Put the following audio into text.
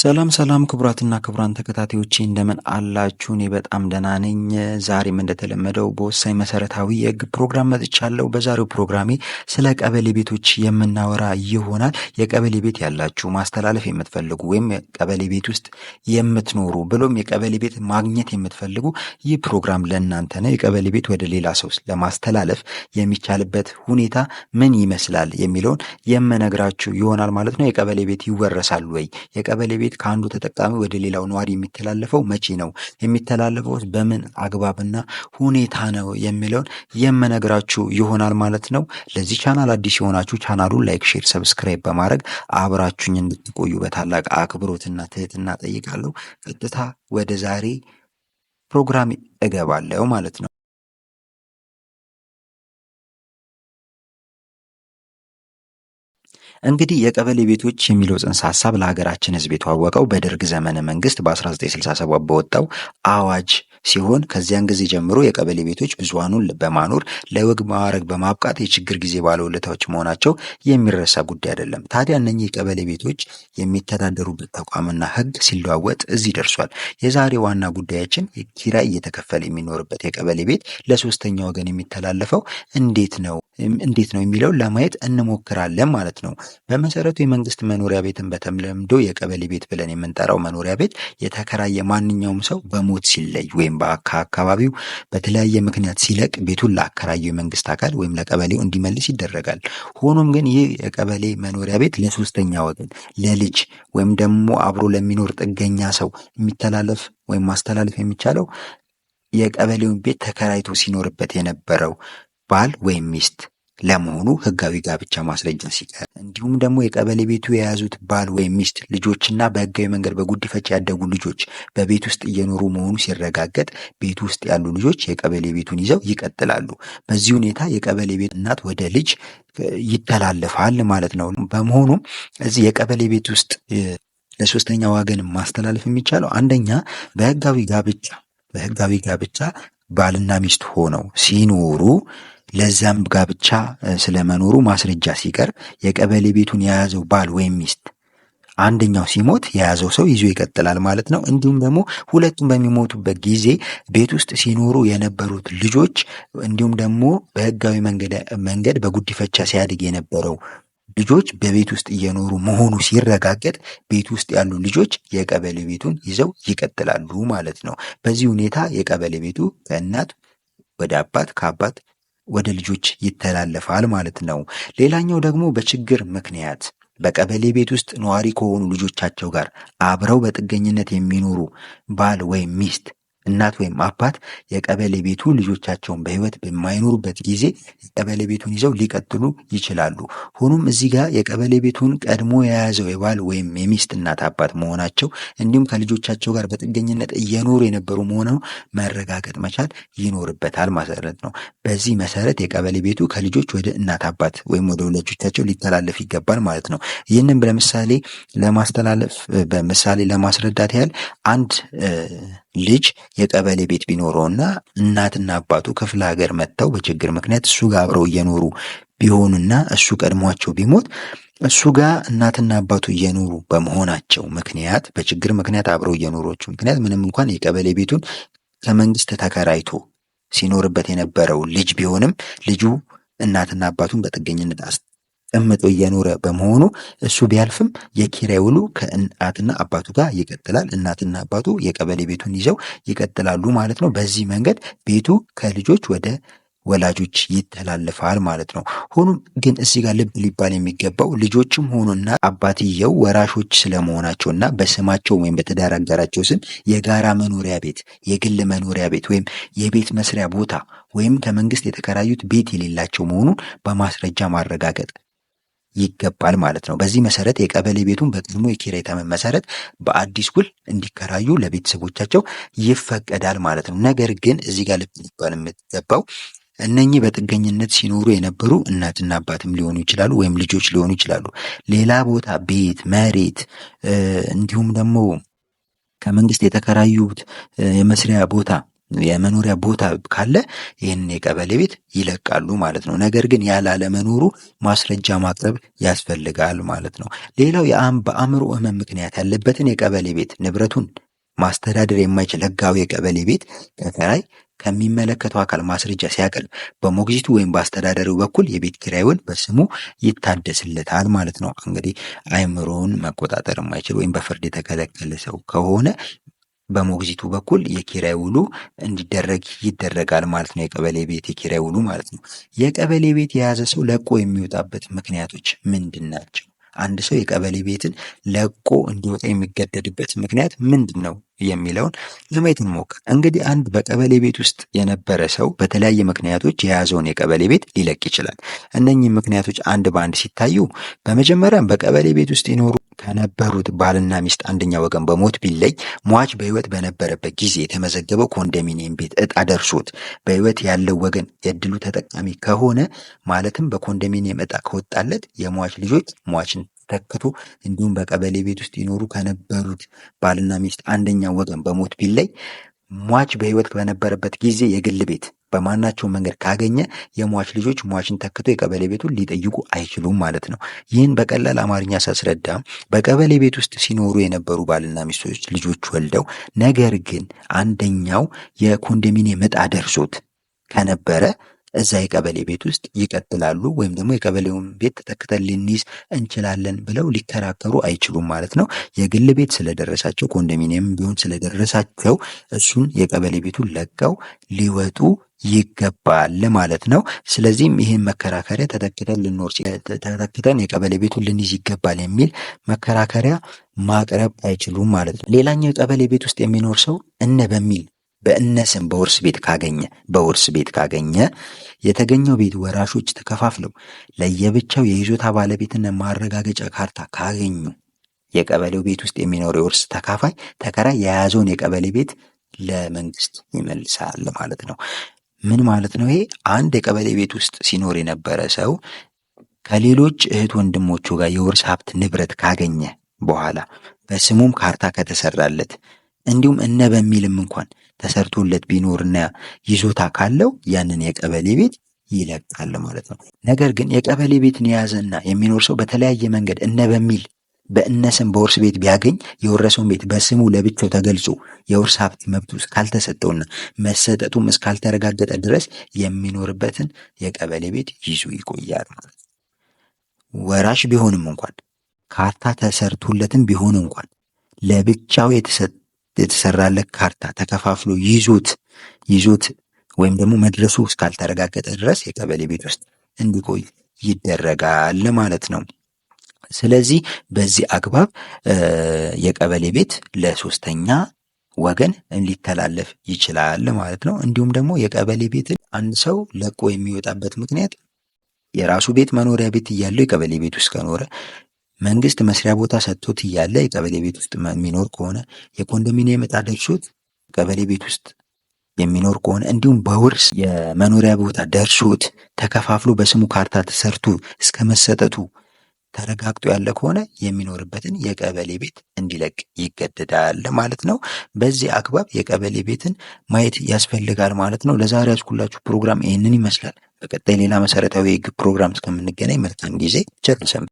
ሰላም ሰላም ክቡራትና ክቡራን ተከታታዮቼ እንደምን አላችሁ? እኔ በጣም ደህና ነኝ። ዛሬም እንደተለመደው በወሳኝ መሰረታዊ የህግ ፕሮግራም መጥቻለሁ። በዛሬው ፕሮግራሜ ስለ ቀበሌ ቤቶች የምናወራ ይሆናል። የቀበሌ ቤት ያላችሁ ማስተላለፍ የምትፈልጉ ወይም ቀበሌ ቤት ውስጥ የምትኖሩ ብሎም የቀበሌ ቤት ማግኘት የምትፈልጉ ይህ ፕሮግራም ለእናንተ ነው። የቀበሌ ቤት ወደ ሌላ ሰው ለማስተላለፍ የሚቻልበት ሁኔታ ምን ይመስላል የሚለውን የምነግራችሁ ይሆናል ማለት ነው። የቀበሌ ቤት ይወረሳል ወይ የቀበሌ ቤት ከአንዱ ተጠቃሚ ወደ ሌላው ነዋሪ የሚተላለፈው መቼ ነው የሚተላለፈውስ በምን አግባብና ሁኔታ ነው የሚለውን የምነግራችሁ ይሆናል ማለት ነው። ለዚህ ቻናል አዲስ የሆናችሁ ቻናሉን ላይክ፣ ሼር፣ ሰብስክራይብ በማድረግ አብራችሁኝ እንድትቆዩ በታላቅ አክብሮትና ትህትና ጠይቃለሁ። ቀጥታ ወደ ዛሬ ፕሮግራም እገባለሁ ማለት ነው። እንግዲህ የቀበሌ ቤቶች የሚለው ጽንሰ ሀሳብ ለሀገራችን ህዝብ የተዋወቀው በደርግ ዘመነ መንግስት በ1967 በወጣው አዋጅ ሲሆን ከዚያን ጊዜ ጀምሮ የቀበሌ ቤቶች ብዙሃኑን በማኖር ለወግ ማዕረግ በማብቃት የችግር ጊዜ ባለውለታዎች መሆናቸው የሚረሳ ጉዳይ አይደለም። ታዲያ እነኚህ የቀበሌ ቤቶች የሚተዳደሩበት ተቋምና ህግ ሲለዋወጥ እዚህ ደርሷል። የዛሬ ዋና ጉዳያችን ኪራይ እየተከፈለ የሚኖርበት የቀበሌ ቤት ለሶስተኛ ወገን የሚተላለፈው እንዴት ነው እንዴት ነው የሚለው ለማየት እንሞክራለን ማለት ነው። በመሰረቱ የመንግስት መኖሪያ ቤትን በተለምዶ የቀበሌ ቤት ብለን የምንጠራው መኖሪያ ቤት የተከራየ ማንኛውም ሰው በሞት ሲለይ ወይም ከአካባቢው በተለያየ ምክንያት ሲለቅ ቤቱን ለአከራየው የመንግስት አካል ወይም ለቀበሌው እንዲመልስ ይደረጋል። ሆኖም ግን ይህ የቀበሌ መኖሪያ ቤት ለሶስተኛ ወገን ለልጅ ወይም ደግሞ አብሮ ለሚኖር ጥገኛ ሰው የሚተላለፍ ወይም ማስተላለፍ የሚቻለው የቀበሌውን ቤት ተከራይቶ ሲኖርበት የነበረው ባል ወይም ሚስት ለመሆኑ ህጋዊ ጋብቻ ማስረጃ ሲቀር እንዲሁም ደግሞ የቀበሌ ቤቱ የያዙት ባል ወይም ሚስት ልጆችና በህጋዊ መንገድ በጉዲፈቻ ያደጉ ልጆች በቤት ውስጥ እየኖሩ መሆኑ ሲረጋገጥ ቤቱ ውስጥ ያሉ ልጆች የቀበሌ ቤቱን ይዘው ይቀጥላሉ። በዚህ ሁኔታ የቀበሌ ቤት እናት ወደ ልጅ ይተላለፋል ማለት ነው። በመሆኑም እዚህ የቀበሌ ቤት ውስጥ ለሶስተኛ ወገን ማስተላለፍ የሚቻለው አንደኛ በህጋዊ ጋብቻ በህጋዊ ጋብቻ ባልና ሚስት ሆነው ሲኖሩ ለዛም ጋብቻ ስለመኖሩ ማስረጃ ሲቀር የቀበሌ ቤቱን የያዘው ባል ወይም ሚስት አንደኛው ሲሞት የያዘው ሰው ይዞ ይቀጥላል ማለት ነው። እንዲሁም ደግሞ ሁለቱም በሚሞቱበት ጊዜ ቤት ውስጥ ሲኖሩ የነበሩት ልጆች እንዲሁም ደግሞ በህጋዊ መንገድ በጉዲፈቻ ሲያድግ የነበረው ልጆች በቤት ውስጥ እየኖሩ መሆኑ ሲረጋገጥ ቤት ውስጥ ያሉ ልጆች የቀበሌ ቤቱን ይዘው ይቀጥላሉ ማለት ነው። በዚህ ሁኔታ የቀበሌ ቤቱ ከእናት ወደ አባት ከአባት ወደ ልጆች ይተላለፋል ማለት ነው። ሌላኛው ደግሞ በችግር ምክንያት በቀበሌ ቤት ውስጥ ነዋሪ ከሆኑ ልጆቻቸው ጋር አብረው በጥገኝነት የሚኖሩ ባል ወይም ሚስት እናት ወይም አባት የቀበሌ ቤቱ ልጆቻቸውን በህይወት በማይኖሩበት ጊዜ የቀበሌ ቤቱን ይዘው ሊቀጥሉ ይችላሉ። ሆኖም እዚህ ጋር የቀበሌ ቤቱን ቀድሞ የያዘው የባል ወይም የሚስት እናት አባት መሆናቸው እንዲሁም ከልጆቻቸው ጋር በጥገኝነት እየኖሩ የነበሩ መሆነው መረጋገጥ መቻል ይኖርበታል ማለት ነው። በዚህ መሰረት የቀበሌ ቤቱ ከልጆች ወደ እናት አባት ወይም ወደ ወላጆቻቸው ሊተላለፍ ይገባል ማለት ነው። ይህንን ለምሳሌ ለማስተላለፍ በምሳሌ ለማስረዳት ያህል አንድ ልጅ የቀበሌ ቤት ቢኖረውና እናትና አባቱ ክፍለ ሀገር መጥተው በችግር ምክንያት እሱ ጋር አብረው እየኖሩ ቢሆኑና እሱ ቀድሟቸው ቢሞት እሱ ጋር እናትና አባቱ እየኖሩ በመሆናቸው ምክንያት በችግር ምክንያት አብረው እየኖሮቹ ምክንያት ምንም እንኳን የቀበሌ ቤቱን ከመንግስት ተከራይቶ ሲኖርበት የነበረው ልጅ ቢሆንም ልጁ እናትና አባቱን በጥገኝነት ቀምጦ እየኖረ በመሆኑ እሱ ቢያልፍም የኪራይ ውሉ ከእናትና አባቱ ጋር ይቀጥላል። እናትና አባቱ የቀበሌ ቤቱን ይዘው ይቀጥላሉ ማለት ነው። በዚህ መንገድ ቤቱ ከልጆች ወደ ወላጆች ይተላለፋል ማለት ነው። ሆኖም ግን እዚህ ጋር ልብ ሊባል የሚገባው ልጆችም ሆኑና አባትየው ወራሾች ስለመሆናቸው እና በስማቸው ወይም በትዳር አጋራቸው ስም የጋራ መኖሪያ ቤት፣ የግል መኖሪያ ቤት ወይም የቤት መስሪያ ቦታ ወይም ከመንግስት የተከራዩት ቤት የሌላቸው መሆኑን በማስረጃ ማረጋገጥ ይገባል ማለት ነው። በዚህ መሰረት የቀበሌ ቤቱን በቅድሞ የኪራይ ተመን መሰረት በአዲስ ውል እንዲከራዩ ለቤተሰቦቻቸው ይፈቀዳል ማለት ነው። ነገር ግን እዚህ ጋር ልትባል የምትገባው እነኚህ በጥገኝነት ሲኖሩ የነበሩ እናትና አባትም ሊሆኑ ይችላሉ፣ ወይም ልጆች ሊሆኑ ይችላሉ። ሌላ ቦታ ቤት፣ መሬት እንዲሁም ደግሞ ከመንግስት የተከራዩት የመስሪያ ቦታ የመኖሪያ ቦታ ካለ ይህን የቀበሌ ቤት ይለቃሉ ማለት ነው። ነገር ግን ያላለመኖሩ ማስረጃ ማቅረብ ያስፈልጋል ማለት ነው። ሌላው በአእምሮ ሕመም ምክንያት ያለበትን የቀበሌ ቤት ንብረቱን ማስተዳደር የማይችል ህጋዊ የቀበሌ ቤት ከላይ ከሚመለከተው አካል ማስረጃ ሲያቀርብ በሞግዚቱ ወይም በአስተዳደሩ በኩል የቤት ኪራዩን በስሙ ይታደስለታል ማለት ነው። እንግዲህ አእምሮውን መቆጣጠር የማይችል ወይም በፍርድ የተከለከለ ሰው ከሆነ በሞግዚቱ በኩል የኪራይ ውሉ እንዲደረግ ይደረጋል ማለት ነው። የቀበሌ ቤት የኪራይ ውሉ ማለት ነው። የቀበሌ ቤት የያዘ ሰው ለቆ የሚወጣበት ምክንያቶች ምንድን ናቸው? አንድ ሰው የቀበሌ ቤትን ለቆ እንዲወጣ የሚገደድበት ምክንያት ምንድን ነው የሚለውን ለማየት እንሞክር። እንግዲህ አንድ በቀበሌ ቤት ውስጥ የነበረ ሰው በተለያየ ምክንያቶች የያዘውን የቀበሌ ቤት ሊለቅ ይችላል። እነኚህ ምክንያቶች አንድ በአንድ ሲታዩ በመጀመሪያም በቀበሌ ቤት ውስጥ ይኖሩ ከነበሩት ባልና ሚስት አንደኛ ወገን በሞት ቢለይ ሟች በህይወት በነበረበት ጊዜ የተመዘገበው ኮንዶሚኒየም ቤት እጣ ደርሶት በህይወት ያለው ወገን የዕድሉ ተጠቃሚ ከሆነ ማለትም በኮንዶሚኒየም እጣ ከወጣለት የሟች ልጆች ሟችን ተክቶ እንዲሁም በቀበሌ ቤት ውስጥ ይኖሩ ከነበሩት ባልና ሚስት አንደኛ ወገን በሞት ቢለይ ሟች በህይወት በነበረበት ጊዜ የግል ቤት በማናቸው መንገድ ካገኘ የሟች ልጆች ሟችን ተክቶ የቀበሌ ቤቱን ሊጠይቁ አይችሉም ማለት ነው። ይህን በቀላል አማርኛ ሳስረዳ በቀበሌ ቤት ውስጥ ሲኖሩ የነበሩ ባልና ሚስቶች ልጆች ወልደው ነገር ግን አንደኛው የኮንዶሚኒየም ዕጣ ደርሶት ከነበረ እዛ የቀበሌ ቤት ውስጥ ይቀጥላሉ ወይም ደግሞ የቀበሌውን ቤት ተተክተን ልንይዝ እንችላለን ብለው ሊከራከሩ አይችሉም ማለት ነው። የግል ቤት ስለደረሳቸው ኮንዶሚኒየም ቢሆን ስለደረሳቸው እሱን የቀበሌ ቤቱን ለቀው ሊወጡ ይገባል ማለት ነው። ስለዚህም ይህን መከራከሪያ ተተክተን ልኖር ተተክተን የቀበሌ ቤቱን ልንይዝ ይገባል የሚል መከራከሪያ ማቅረብ አይችሉም ማለት ነው። ሌላኛው የቀበሌ ቤት ውስጥ የሚኖር ሰው እነ በሚል በእነስም በውርስ ቤት ካገኘ በውርስ ቤት ካገኘ የተገኘው ቤት ወራሾች ተከፋፍለው ለየብቻው የይዞታ ባለቤትነት ማረጋገጫ ካርታ ካገኙ የቀበሌው ቤት ውስጥ የሚኖር የውርስ ተካፋይ ተከራይ የያዘውን የቀበሌ ቤት ለመንግስት ይመልሳል ማለት ነው። ምን ማለት ነው? ይሄ አንድ የቀበሌ ቤት ውስጥ ሲኖር የነበረ ሰው ከሌሎች እህት ወንድሞቹ ጋር የውርስ ሀብት ንብረት ካገኘ በኋላ በስሙም ካርታ ከተሰራለት እንዲሁም እነ በሚልም እንኳን ተሰርቶለት ቢኖርና ይዞታ ካለው ያንን የቀበሌ ቤት ይለቃል ማለት ነው። ነገር ግን የቀበሌ ቤትን የያዘና የሚኖር ሰው በተለያየ መንገድ እነ በሚል በእነ ስም በውርስ ቤት ቢያገኝ የወረሰውን ቤት በስሙ ለብቻው ተገልጾ የውርስ ሀብት መብቱ እስካልተሰጠውና መሰጠቱም እስካልተረጋገጠ ድረስ የሚኖርበትን የቀበሌ ቤት ይዞ ይቆያል ወራሽ ቢሆንም እንኳን ካርታ ተሰርቶለትም ቢሆን እንኳን ለብቻው የተሰጠ የተሰራለት ካርታ ተከፋፍሎ ይዞት ይዞት ወይም ደግሞ መድረሱ እስካልተረጋገጠ ድረስ የቀበሌ ቤት ውስጥ እንዲቆይ ይደረጋል ማለት ነው። ስለዚህ በዚህ አግባብ የቀበሌ ቤት ለሶስተኛ ወገን ሊተላለፍ ይችላል ማለት ነው። እንዲሁም ደግሞ የቀበሌ ቤትን አንድ ሰው ለቆ የሚወጣበት ምክንያት የራሱ ቤት መኖሪያ ቤት እያለው የቀበሌ ቤት ውስጥ ከኖረ መንግስት መስሪያ ቦታ ሰጥቶት እያለ የቀበሌ ቤት ውስጥ የሚኖር ከሆነ የኮንዶሚኒየም ዕጣ ደርሶት ቀበሌ ቤት ውስጥ የሚኖር ከሆነ እንዲሁም በውርስ የመኖሪያ ቦታ ደርሶት ተከፋፍሎ በስሙ ካርታ ተሰርቶ እስከ መሰጠቱ ተረጋግጦ ያለ ከሆነ የሚኖርበትን የቀበሌ ቤት እንዲለቅ ይገደዳል ማለት ነው። በዚህ አግባብ የቀበሌ ቤትን ማየት ያስፈልጋል ማለት ነው። ለዛሬ ያዝኩላችሁ ፕሮግራም ይህንን ይመስላል። በቀጣይ ሌላ መሰረታዊ የህግ ፕሮግራም እስከምንገናኝ መልካም ጊዜ ቸር